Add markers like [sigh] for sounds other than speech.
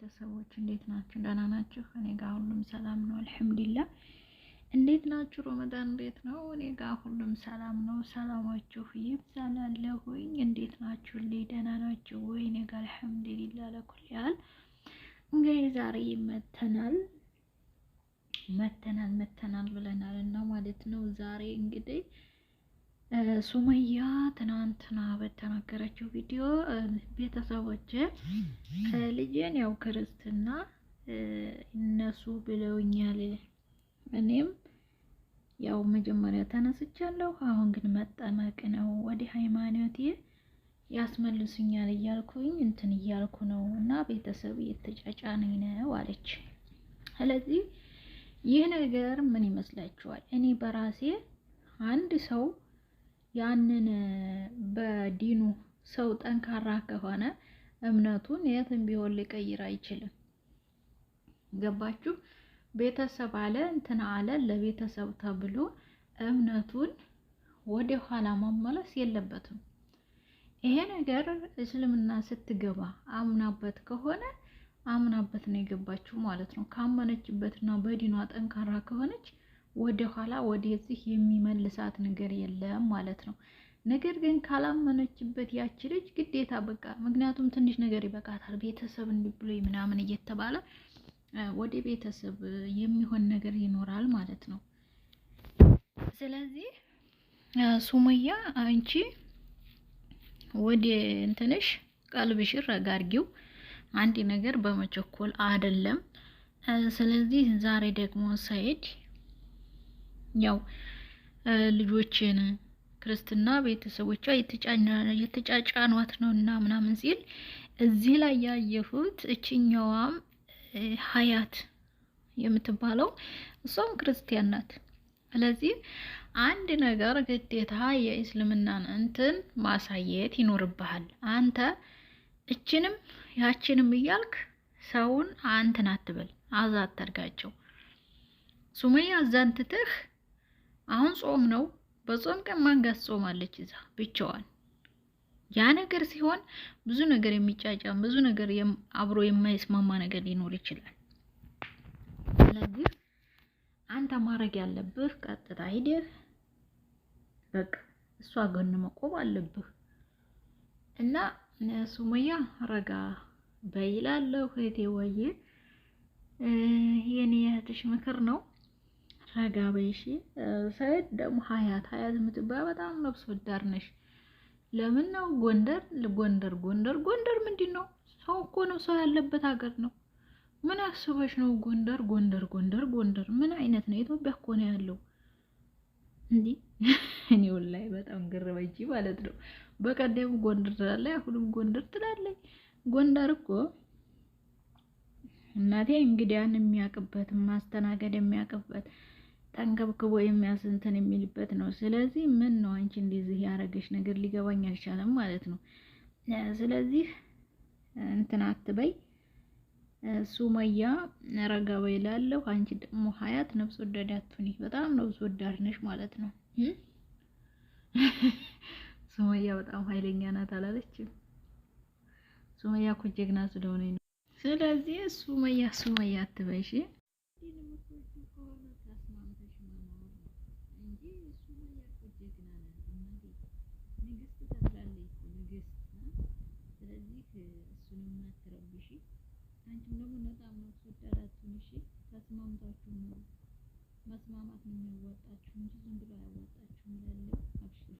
ቤተሰቦች እንዴት ናችሁ? ደህና ናችሁ? እኔ ጋር ሁሉም ሰላም ነው አልሐምዱሊላህ። እንዴት ናችሁ? ሮመዳን እንዴት ነው? እኔ ጋር ሁሉም ሰላም ነው። ሰላማችሁ ይብዛላለሁኝ። እንዴት ናችሁ? ልይ ደህና ናችሁ ወይ? እኔ ጋር አልሐምዱሊላህ ለኩል ያህል እንግዲህ ዛሬ መተናል መተናል መተናል ብለናል እና ማለት ነው ዛሬ እንግዲህ ሱመያ ትናንትና በተናገረችው ቪዲዮ ቤተሰቦች ልጄን ያው ክርስትና እነሱ ብለውኛል። እኔም ያው መጀመሪያ ተነስቻለሁ። አሁን ግን መጠመቅ ነው ወደ ሃይማኖቴ ያስመልሱኛል እያልኩኝ እንትን እያልኩ ነው እና ቤተሰብ እየተጫጫነኝ ነው አለች። ስለዚህ ይህ ነገር ምን ይመስላችኋል? እኔ በራሴ አንድ ሰው ያንን በዲኑ ሰው ጠንካራ ከሆነ እምነቱን የትም ቢሆን ሊቀይር አይችልም። ገባችሁ? ቤተሰብ አለ እንትን አለ ለቤተሰብ ተብሎ እምነቱን ወደ ኋላ መመለስ የለበትም። ይሄ ነገር እስልምና ስትገባ አምናበት ከሆነ አምናበት ነው የገባችው ማለት ነው። ካመነችበትና በዲኗ ጠንካራ ከሆነች ወደኋላ ወደዚህ የሚመልሳት ነገር የለም ማለት ነው። ነገር ግን ካላመነችበት ያቺ ልጅ ግዴታ በቃ ምክንያቱም ትንሽ ነገር ይበቃታል፣ ቤተሰብ እንዲህ ምናምን እየተባለ ወደ ቤተሰብ የሚሆን ነገር ይኖራል ማለት ነው። ስለዚህ ሱመያ አንቺ ወደ እንትንሽ ቀልብሽን ረጋ አንድ ነገር በመቸኮል አይደለም። ስለዚህ ዛሬ ደግሞ ሰኢድ ያው ልጆችን ክርስትና ቤተሰቦቿ የተጫጫኗት ነው እና ምናምን ሲል እዚህ ላይ ያየሁት እችኛዋም ሀያት የምትባለው እሷም ክርስቲያን ናት። ስለዚህ አንድ ነገር ግዴታ የእስልምናን እንትን ማሳየት ይኖርብሃል። አንተ እችንም ያችንም እያልክ ሰውን አንትን አትበል፣ አዛ አታድርጋቸው። ሱመያ አዛንትትህ አሁን ጾም ነው። በጾም ቀን ማን ጋር ትጾማለች? እዛ ብቻዋን። ያ ነገር ሲሆን ብዙ ነገር የሚጫጫም ብዙ ነገር አብሮ የማይስማማ ነገር ሊኖር ይችላል። ስለዚህ አንተ ማድረግ ያለብህ ቀጥታ ሂደህ በቃ እሷ ጎን መቆም አለብህ እና ሱመያ ረጋ በይላለሁ እህቴ። ወይዬ የኔ እህትሽ ምክር ነው። ረጋ ሰይድ ደግሞ ሀያት ሀያት የምትባይ በጣም ነብስ ወዳድ ነሽ። ለምን ነው ጎንደር ጎንደር ጎንደር ጎንደር ምንድን ነው? ሰው እኮ ነው ሰው ያለበት ሀገር ነው። ምን አስበሽ ነው ጎንደር ጎንደር ጎንደር ጎንደር? ምን አይነት ነው? ኢትዮጵያ እኮ ነው ያለው። እኔ እኔውን ላይ በጣም ግርበጂ ማለት ነው። በቀደም ጎንደር ትላለች፣ አሁንም ጎንደር ትላለች። ጎንደር እኮ እናቴ እንግዲያን የሚያውቅበት ማስተናገድ የሚያቅበት። ጠንከብክቦ የሚያስ እንትን የሚልበት ነው። ስለዚህ ምን ነው አንቺ እንደዚህ ያረገሽ ነገር ሊገባኝ አልቻለም ማለት ነው። ስለዚህ እንትን አትበይ ሱመያ ረጋ በይ እላለሁ። አንቺ ደግሞ ሀያት ነብስ ወዳድ አትሁኚ። በጣም ነብስ ወዳድ ነሽ ማለት ነው። [laughs] ሱመያ በጣም ኃይለኛ ናት አላለችም? ሱመያ እኮ ጀግና ስለሆነ ነው። ስለዚህ ሱመያ ሱመያ አትበይ እሺ። ንግስት ተብላለች እኮ ንግስት። ስለዚህ እሱን የማትረብሺ አንቺም ደግሞ ነፃ መውጣት እሺ፣ ተስማምታችሁ ነው መስማማት ነው የሚያዋጣችሁ እንጂ ዝም ብሎ አያዋጣችሁም። ላለው አብሽር